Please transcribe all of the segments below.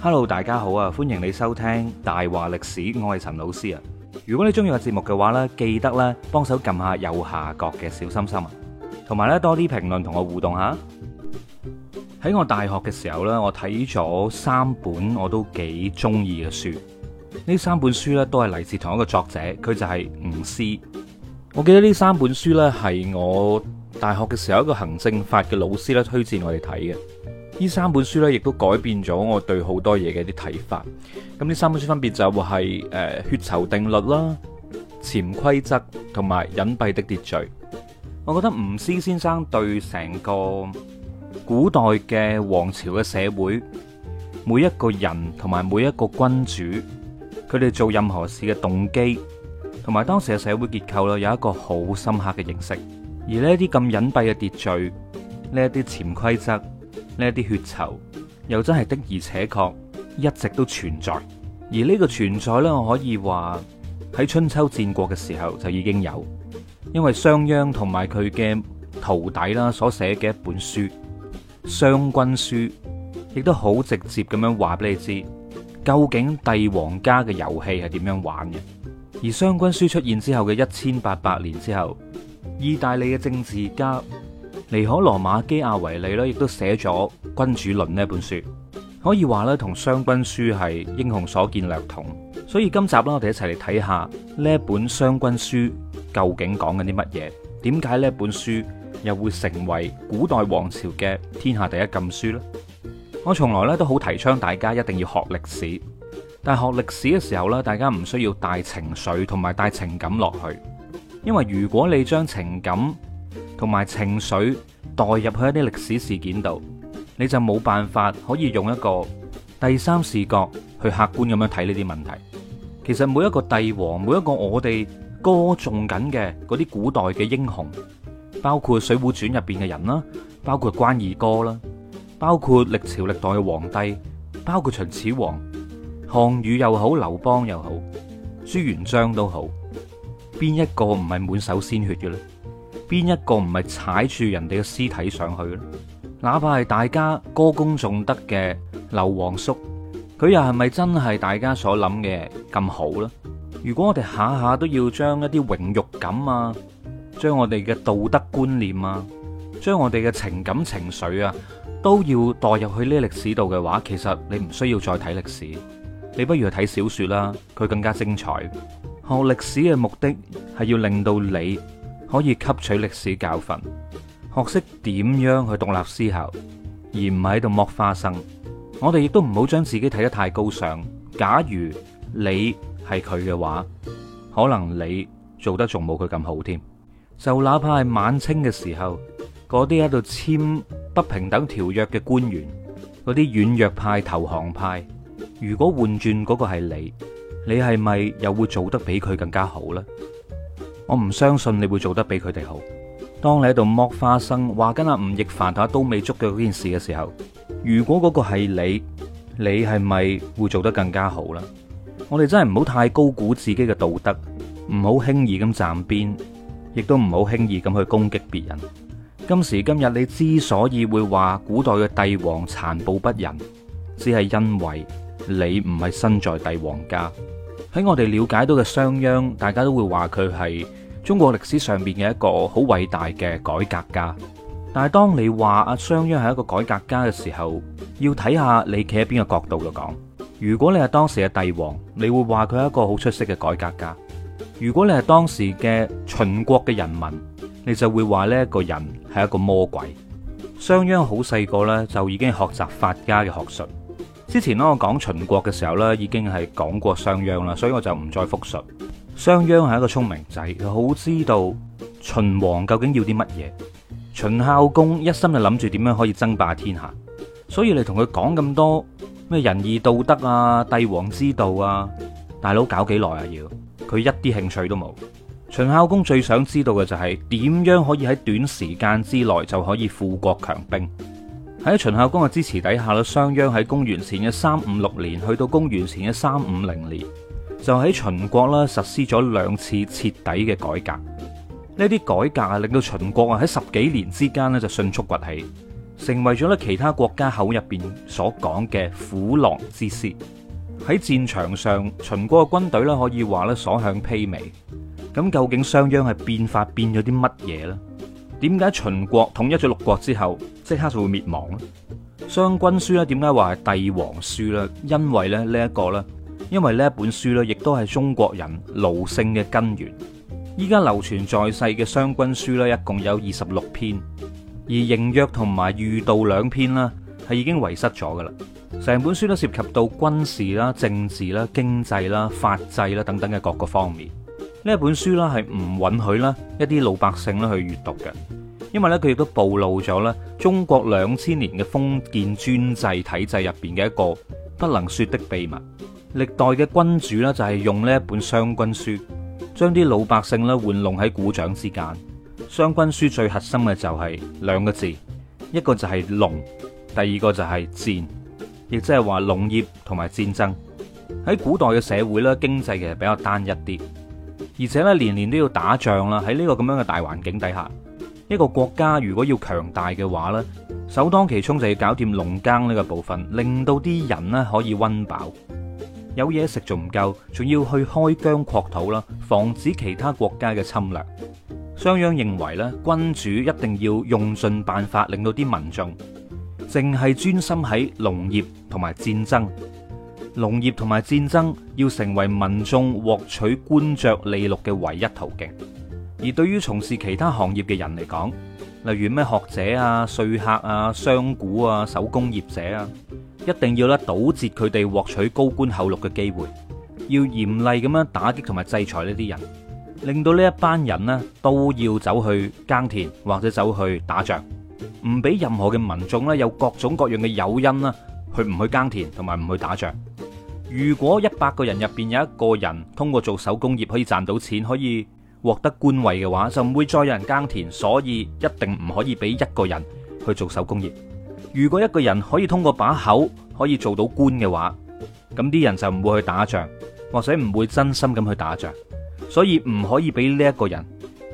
Hello，大家好啊！歡迎你收聽大話歷史，我係陳老師啊。如果你中意個節目嘅話呢，記得咧幫手撳下右下角嘅小心心啊，同埋呢多啲評論同我互動下。喺我大學嘅時候呢，我睇咗三本我都幾中意嘅書，呢三本書呢都係嚟自同一個作者，佢就係吳思。我記得呢三本書呢係我大學嘅時候一個行政法嘅老師咧推薦我哋睇嘅。呢三本書咧，亦都改變咗我對好多嘢嘅啲睇法。咁呢三本書分別就係、是、誒、呃《血酬定律》啦、潛規則同埋隱蔽的秩序。我覺得吳思先生對成個古代嘅王朝嘅社會，每一個人同埋每一個君主，佢哋做任何事嘅動機，同埋當時嘅社會結構啦，有一個好深刻嘅認識。而呢啲咁隱蔽嘅秩序，呢啲潛規則。呢啲血仇又真係的，的而且確一直都存在，而呢個存在呢，我可以話喺春秋戰國嘅時候就已經有，因為商鞅同埋佢嘅徒弟啦，所寫嘅一本書《商君書》，亦都好直接咁樣話俾你知，究竟帝王家嘅遊戲係點樣玩嘅。而《商君書》出現之後嘅一千八百年之後，意大利嘅政治家，尼可羅馬基亞維利咧，亦都寫咗《君主論》呢本書，可以話咧同《商君書》係英雄所見略同。所以今集咧，我哋一齊嚟睇下呢一本《商君書》究竟講緊啲乜嘢？點解呢本書又會成為古代王朝嘅天下第一禁書呢？我從來咧都好提倡大家一定要學歷史，但係學歷史嘅時候咧，大家唔需要帶情緒同埋帶情感落去，因為如果你將情感同埋情緒代入去一啲歷史事件度，你就冇辦法可以用一個第三視角去客觀咁樣睇呢啲問題。其實每一個帝王，每一個我哋歌頌緊嘅嗰啲古代嘅英雄，包括《水滸傳》入邊嘅人啦，包括關二哥啦，包括歷朝歷代嘅皇帝，包括秦始皇、項羽又好，劉邦又好，朱元璋都好，邊一個唔係滿手鮮血嘅咧？邊一個唔係踩住人哋嘅屍體上去咧？哪怕係大家歌功頌德嘅劉皇叔，佢又係咪真係大家所諗嘅咁好咧？如果我哋下下都要將一啲榮辱感啊，將我哋嘅道德觀念啊，將我哋嘅情感情緒啊，都要代入去呢個歷史度嘅話，其實你唔需要再睇歷史，你不如去睇小說啦，佢更加精彩。學歷史嘅目的係要令到你，可以吸取歷史教訓，學識點樣去獨立思考，而唔係喺度剝花生。我哋亦都唔好將自己睇得太高尚。假如你係佢嘅話，可能你做得仲冇佢咁好添。就哪怕係晚清嘅時候，嗰啲喺度簽不平等條約嘅官員，嗰啲軟弱派、投降派，如果換轉嗰個係你，你係咪又會做得比佢更加好呢？我唔相信你會做得比佢哋好。當你喺度剝花生，話緊阿吳亦凡打都未捉到嗰件事嘅時候，如果嗰個係你，你係咪會做得更加好啦？我哋真係唔好太高估自己嘅道德，唔好輕易咁站邊，亦都唔好輕易咁去攻擊別人。今時今日你之所以會話古代嘅帝王殘暴不仁，只係因為你唔係身在帝王家。喺我哋了解到嘅商鞅，大家都會話佢係中國歷史上邊嘅一個好偉大嘅改革家，但係當你話阿商鞅係一個改革家嘅時候，要睇下你企喺邊個角度度講。如果你係當時嘅帝王，你會話佢係一個好出色嘅改革家；如果你係當時嘅秦國嘅人民，你就會話呢一個人係一個魔鬼。商鞅好細個呢，就已經學習法家嘅學術。之前當我講秦國嘅時候呢，已經係講過商鞅啦，所以我就唔再複述。商鞅係一個聰明仔，佢好知道秦王究竟要啲乜嘢。秦孝公一心就諗住點樣可以爭霸天下，所以你同佢講咁多咩仁義道德啊、帝王之道啊，大佬搞幾耐啊？要佢一啲興趣都冇。秦孝公最想知道嘅就係點樣可以喺短時間之內就可以富國強兵。喺秦孝公嘅支持底下咧，商鞅喺公元前嘅三五六年去到公元前嘅三五零年，就喺秦國啦，實施咗兩次徹底嘅改革。呢啲改革令到秦國啊喺十幾年之間咧就迅速崛起，成為咗咧其他國家口入邊所講嘅虎狼之師。喺戰場上，秦國嘅軍隊咧可以話咧所向披靡。咁究竟商鞅係變法變咗啲乜嘢呢？點解秦國統一咗六國之後，即刻就會滅亡咧？《商君書》咧點解話係帝王書呢？因為咧呢一個咧。因為呢本書咧，亦都係中國人奴性嘅根源。依家流傳在世嘅《商君書》咧，一共有二十六篇，而《刑約》同埋《御道》兩篇呢，係已經遺失咗噶啦。成本書都涉及到軍事啦、政治啦、經濟啦、法制啦等等嘅各個方面。呢本書呢，係唔允許啦一啲老百姓咧去閱讀嘅，因為咧佢亦都暴露咗咧中國兩千年嘅封建專制體制入邊嘅一個不能說的秘密。歷代嘅君主咧，就係用呢一本《商君書》，將啲老百姓咧玩弄喺股掌之間。《商君書》最核心嘅就係兩個字，一個就係農，第二個就係戰，亦即係話農業同埋戰爭。喺古代嘅社會咧，經濟其實比較單一啲，而且咧年年都要打仗啦。喺呢個咁樣嘅大環境底下，一個國家如果要強大嘅話咧，首當其衝就要搞掂農耕呢個部分，令到啲人呢可以温飽。有嘢食仲唔夠，仲要去開疆擴土啦，防止其他國家嘅侵略。商鞅認為咧，君主一定要用盡辦法令到啲民眾，淨係專心喺農業同埋戰爭，農業同埋戰爭要成為民眾獲取官爵利祿嘅唯一途徑。而對於從事其他行業嘅人嚟講，例如咩學者啊、說客啊、商賈啊、手工業者啊。一定要啦，堵截佢哋獲取高官厚祿嘅機會，要嚴厲咁樣打擊同埋制裁呢啲人，令到呢一班人呢都要走去耕田或者走去打仗，唔俾任何嘅民眾呢有各種各樣嘅誘因啦，去唔去耕田同埋唔去打仗。如果一百個人入邊有一個人通過做手工業可以賺到錢，可以獲得官位嘅話，就唔會再有人耕田，所以一定唔可以俾一個人去做手工業。如果一個人可以通過把口可以做到官嘅話，咁啲人就唔會去打仗，或者唔會真心咁去打仗，所以唔可以俾呢一個人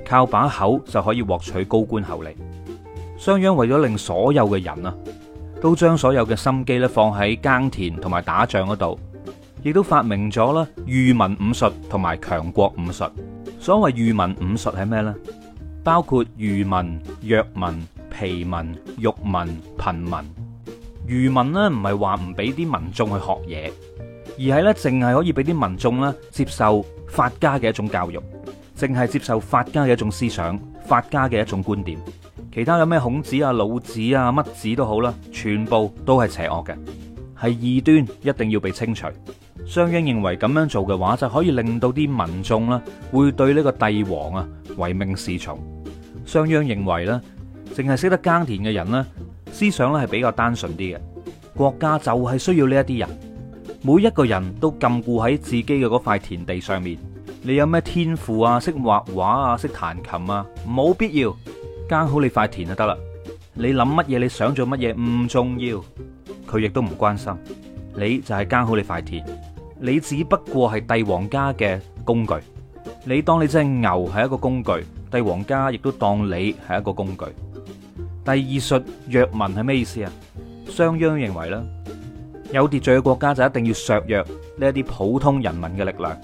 靠把口就可以獲取高官厚利。商鞅為咗令所有嘅人啊，都將所有嘅心機咧放喺耕田同埋打仗嗰度，亦都發明咗啦愚民五術同埋強國五術。所謂愚民五術係咩呢？包括愚民、弱民。奇民、欲民、貧民、愚民呢，唔係話唔俾啲民眾去學嘢，而係咧淨係可以俾啲民眾咧接受法家嘅一種教育，淨係接受法家嘅一種思想、法家嘅一種觀點。其他有咩孔子啊、老子啊、乜子都好啦，全部都係邪惡嘅，係異端，一定要被清除。商鞅認為咁樣做嘅話就可以令到啲民眾咧會對呢個帝王啊唯命是從。商鞅認為咧。淨係識得耕田嘅人呢，思想咧係比較單純啲嘅。國家就係需要呢一啲人，每一個人都禁錮喺自己嘅嗰塊田地上面。你有咩天賦啊？識畫畫啊？識彈琴啊？冇必要，耕好你塊田就得啦。你諗乜嘢？你想做乜嘢？唔重要。佢亦都唔關心。你就係耕好你塊田。你只不過係帝王家嘅工具。你當你真係牛係一個工具，帝王家亦都當你係一個工具。第二術弱民係咩意思啊？商鞅認為咧，有秩序嘅國家就一定要削弱呢一啲普通人民嘅力量，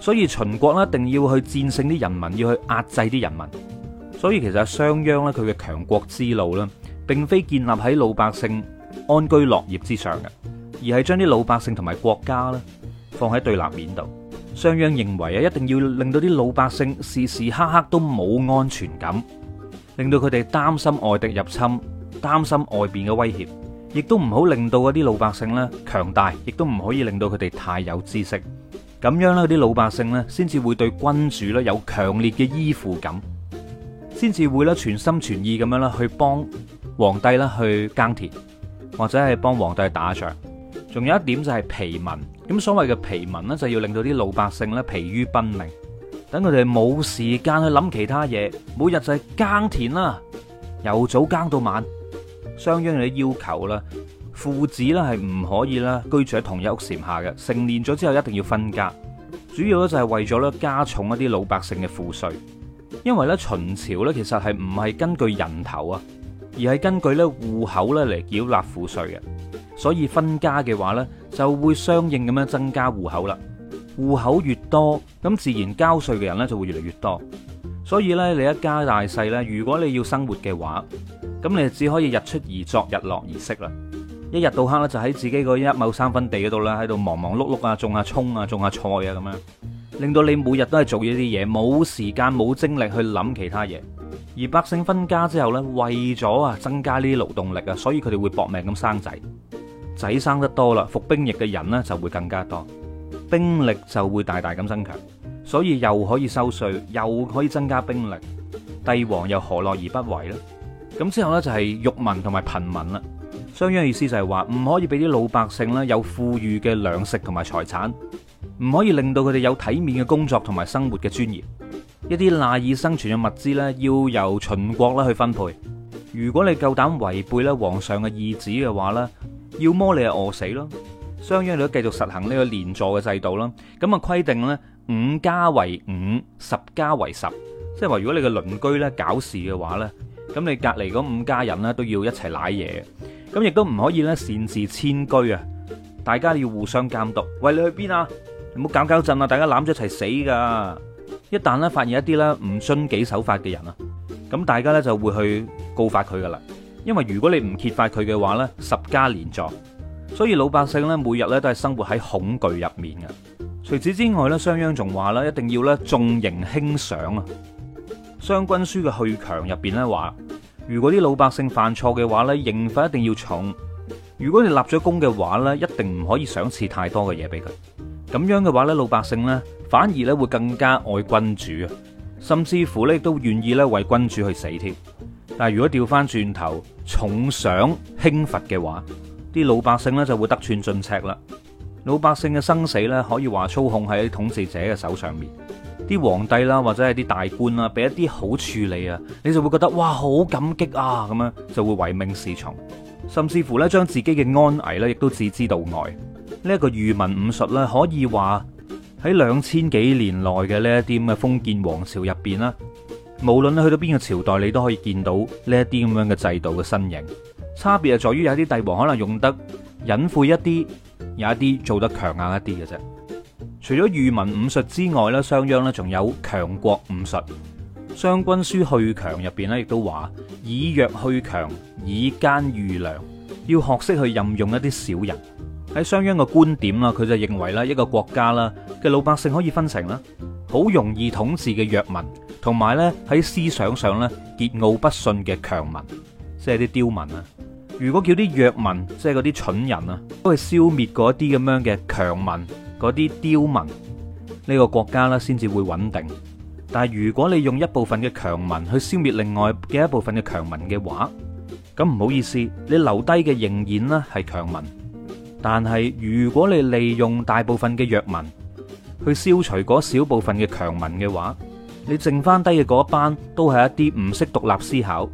所以秦國咧一定要去戰勝啲人民，要去壓制啲人民。所以其實商鞅咧佢嘅強國之路咧，並非建立喺老百姓安居樂業之上嘅，而係將啲老百姓同埋國家咧放喺對立面度。商鞅認為啊，一定要令到啲老百姓時時刻刻都冇安全感。令到佢哋擔心外敵入侵，擔心外邊嘅威脅，亦都唔好令到嗰啲老百姓咧強大，亦都唔可以令到佢哋太有知識。咁樣咧，啲老百姓咧，先至會對君主咧有強烈嘅依附感，先至會咧全心全意咁樣咧去幫皇帝咧去耕田，或者係幫皇帝打仗。仲有一點就係疲民。咁所謂嘅疲民呢，就要令到啲老百姓咧疲於奔命。等佢哋冇時間去諗其他嘢，每日就係耕田啦，由早耕到晚。相應嘅要求啦，父子咧係唔可以啦居住喺同一屋檐下嘅，成年咗之後一定要分家。主要咧就係為咗咧加重一啲老百姓嘅賦稅，因為咧秦朝咧其實係唔係根據人頭啊，而係根據咧戶口咧嚟繳納賦稅嘅，所以分家嘅話咧就會相應咁樣增加戶口啦。戶口越多，咁自然交稅嘅人咧就會越嚟越多。所以呢，你一家大細咧，如果你要生活嘅話，咁你只可以日出而作，日落而息啦。一日到黑咧就喺自己個一畝三分地嗰度啦，喺度忙忙碌碌啊，種下蔥啊，種下菜啊咁樣，令到你每日都係做呢啲嘢，冇時間冇精力去諗其他嘢。而百姓分家之後咧，為咗啊增加呢啲勞動力啊，所以佢哋會搏命咁生仔，仔生得多啦，服兵役嘅人咧就會更加多。兵力就會大大咁增強，所以又可以收稅，又可以增加兵力，帝王又何樂而不為呢？咁之後呢，就係辱民同埋貧民啦。商鞅意思就係話唔可以俾啲老百姓呢有富裕嘅糧食同埋財產，唔可以令到佢哋有體面嘅工作同埋生活嘅尊嚴。一啲賴以生存嘅物資呢，要由秦國啦去分配。如果你夠膽違背咧皇上嘅意旨嘅話呢，要麼你係餓死咯。商鞅你都繼續實行呢個連坐嘅制度啦，咁啊規定咧五家為五，十家為十，即係話如果你嘅鄰居咧搞事嘅話呢，咁你隔籬嗰五家人咧都要一齊舐嘢，咁亦都唔可以咧擅自遷居啊！大家要互相監督，喂，你去邊啊！唔好搞搞震！啊大家攬咗一齊死噶！一旦咧發現一啲咧唔遵紀守法嘅人啊，咁大家咧就會去告發佢噶啦，因為如果你唔揭發佢嘅話呢，十家連坐。所以老百姓咧，每日咧都係生活喺恐懼入面嘅。除此之外咧，商鞅仲話咧，一定要咧重刑輕賞啊。《商君書》嘅《去強》入邊咧話，如果啲老百姓犯錯嘅話咧，刑罰一定要重；如果你立咗功嘅話咧，一定唔可以賞賜太多嘅嘢俾佢。咁樣嘅話咧，老百姓咧反而咧會更加愛君主啊，甚至乎咧都願意咧為君主去死添。但係如果調翻轉頭重賞輕罰嘅話，啲老百姓咧就會得寸進尺啦，老百姓嘅生死咧可以話操控喺統治者嘅手上面。啲皇帝啦或者係啲大官啊，俾一啲好處理啊，你就會覺得哇，好感激啊咁樣，就會唯命是從，甚至乎咧將自己嘅安危咧亦都置之度外。呢一個愚民五術咧，可以話喺兩千幾年內嘅呢一啲咁嘅封建王朝入邊啦，無論去到邊個朝代，你都可以見到呢一啲咁樣嘅制度嘅身影。差別就在於有啲帝王可能用得隱晦一啲，有一啲做得強硬一啲嘅啫。除咗御民武術之外咧，商鞅咧仲有強國武術。《商君書》去強入邊咧，亦都話以弱去強，以奸御良，要學識去任用一啲小人。喺商鞅嘅觀點啦，佢就認為啦，一個國家啦嘅老百姓可以分成啦，好容易統治嘅弱民，同埋咧喺思想上咧桀驁不馴嘅強民，即係啲刁民啊。如果叫啲弱民，即係嗰啲蠢人啊，都去消滅嗰啲咁樣嘅強民、嗰啲刁民，呢個國家呢先至會穩定。但係如果你用一部分嘅強民去消滅另外嘅一部分嘅強民嘅話，咁唔好意思，你留低嘅仍然呢係強民。但係如果你利用大部分嘅弱民去消除嗰少部分嘅強民嘅話，你剩翻低嘅嗰班都係一啲唔識獨立思考。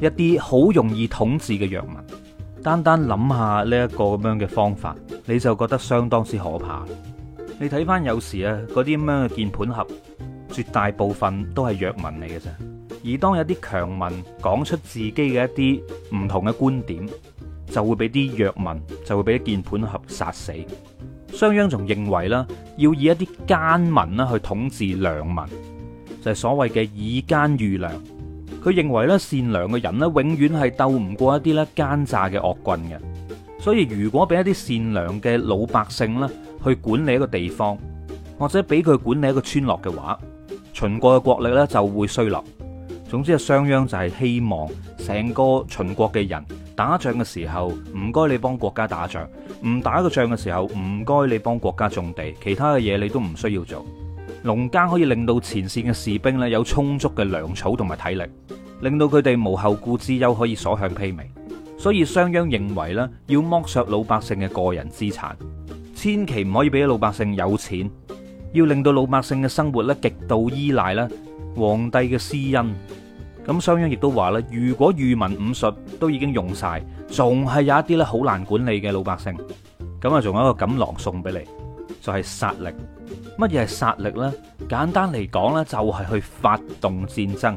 一啲好容易統治嘅弱民，單單諗下呢一個咁樣嘅方法，你就覺得相當之可怕。你睇翻有時啊，嗰啲咁樣嘅鍵盤俠，絕大部分都係弱民嚟嘅啫。而當有啲強民講出自己嘅一啲唔同嘅觀點，就會俾啲弱民就會俾啲鍵盤俠殺死。商鞅仲認為啦，要以一啲奸民啦去統治良民，就係所謂嘅以奸御良。佢認為咧，善良嘅人咧，永遠係鬥唔過一啲咧奸詐嘅惡棍嘅。所以如果俾一啲善良嘅老百姓咧去管理一個地方，或者俾佢管理一個村落嘅話，秦國嘅國力咧就會衰落。總之啊，商鞅就係希望成個秦國嘅人打仗嘅時候唔該你幫國家打仗，唔打個仗嘅時候唔該你幫國家種地，其他嘅嘢你都唔需要做。農耕可以令到前線嘅士兵咧有充足嘅糧草同埋體力，令到佢哋無後顧之憂，可以所向披靡。所以商鞅認為咧，要剝削老百姓嘅個人資產，千祈唔可以俾老百姓有錢，要令到老百姓嘅生活咧極度依賴咧皇帝嘅私恩。咁商鞅亦都話啦，如果御民五術都已經用晒，仲係有一啲咧好難管理嘅老百姓。咁啊，仲有一個錦囊送俾你。就係殺力，乜嘢係殺力呢？簡單嚟講呢就係去發動戰爭，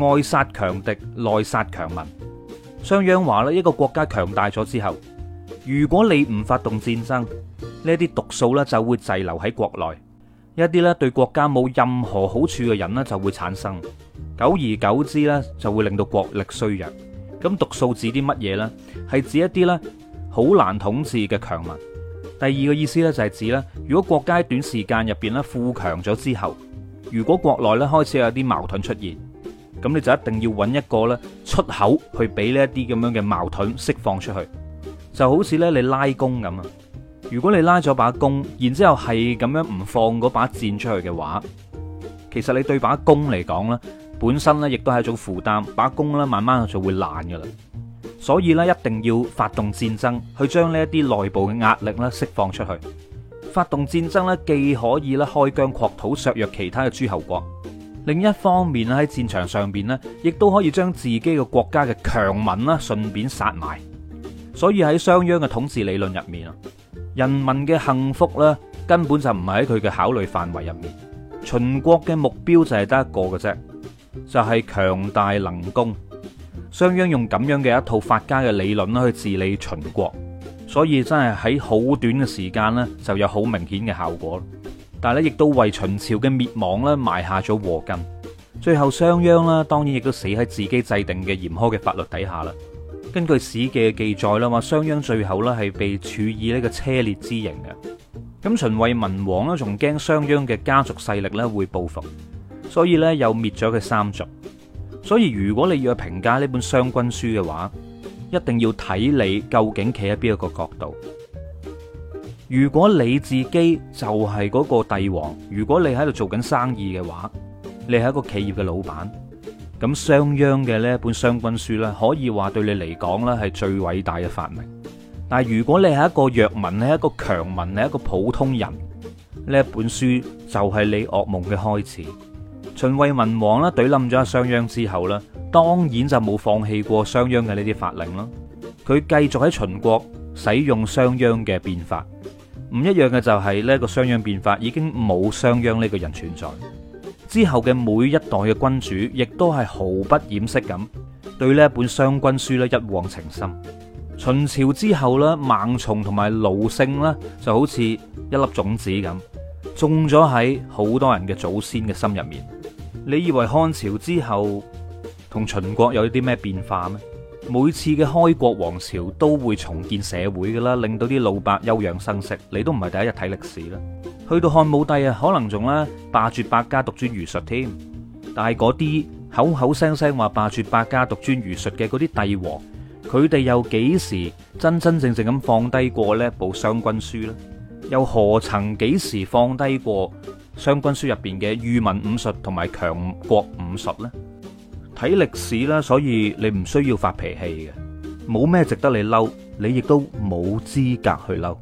外殺強敵，內殺強民。商鞅話咧，一個國家強大咗之後，如果你唔發動戰爭，呢啲毒素咧就會滯留喺國內，一啲咧對國家冇任何好處嘅人咧就會產生，久而久之呢就會令到國力衰弱。咁毒素指啲乜嘢呢？係指一啲咧好難統治嘅強民。第二個意思呢，就係指咧，如果國家喺短時間入邊咧富強咗之後，如果國內咧開始有啲矛盾出現，咁你就一定要揾一個咧出口去俾呢一啲咁樣嘅矛盾釋放出去，就好似咧你拉弓咁啊。如果你拉咗把弓，然之後係咁樣唔放嗰把箭出去嘅話，其實你對把弓嚟講咧，本身咧亦都係一種負擔，把弓咧慢慢就會爛噶啦。所以咧，一定要發動戰爭去將呢一啲內部嘅壓力咧釋放出去。發動戰爭咧，既可以咧開疆擴土，削弱其他嘅諸侯國，另一方面咧喺戰場上邊咧，亦都可以將自己嘅國家嘅強民啦順便殺埋。所以喺商鞅嘅統治理論入面啊，人民嘅幸福咧根本就唔係喺佢嘅考慮範圍入面。秦國嘅目標就係得一個嘅啫，就係強大能攻。商鞅用咁樣嘅一套法家嘅理論啦去治理秦國，所以真係喺好短嘅時間咧就有好明顯嘅效果。但係咧亦都為秦朝嘅滅亡咧埋下咗禍根。最後商鞅咧當然亦都死喺自己制定嘅嚴苛嘅法律底下啦。根據史記嘅記載啦，話商鞅最後咧係被處以呢個車裂之刑嘅。咁秦惠文王咧仲驚商鞅嘅家族勢力咧會報復，所以咧又滅咗佢三族。所以如果你要去評價呢本《商君書》嘅話，一定要睇你究竟企喺邊一個角度。如果你自己就係嗰個帝王，如果你喺度做緊生意嘅話，你係一個企業嘅老闆，咁商鞅嘅呢一本《商君書》呢，可以話對你嚟講呢係最偉大嘅發明。但如果你係一個弱民，你係一個強民，你係一個普通人，呢一本書就係你噩夢嘅開始。秦惠文王啦，懟冧咗商鞅之後啦，當然就冇放棄過商鞅嘅呢啲法令啦。佢繼續喺秦國使用商鞅嘅變法，唔一樣嘅就係呢一個商鞅變法已經冇商鞅呢個人存在之後嘅每一代嘅君主，亦都係毫不掩飾咁對呢一本《商君書》咧，一往情深。秦朝之後咧，盲從同埋奴性咧就好似一粒種子咁種咗喺好多人嘅祖先嘅心入面。你以為漢朝之後同秦國有啲咩變化咩？每次嘅開國王朝都會重建社會噶啦，令到啲老伯休養生息。你都唔係第一日睇歷史啦。去到漢武帝啊，可能仲啦罷黜百家，獨尊儒術添。但係嗰啲口口聲聲話罷黜百家，獨尊儒術嘅嗰啲帝王，佢哋又幾時真真正正咁放低過呢部《商君書》呢？又何曾幾時放低過？《商君書面》入邊嘅馭民五術同埋強國五術咧，睇歷史啦，所以你唔需要發脾氣嘅，冇咩值得你嬲，你亦都冇資格去嬲。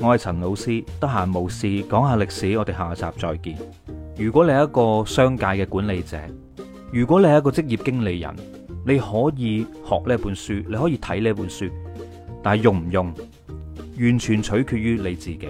我係陳老師，得閒冇事講下歷史，我哋下集再見。如果你係一個商界嘅管理者，如果你係一個職業經理人，你可以學呢本書，你可以睇呢本書，但係用唔用，完全取決於你自己。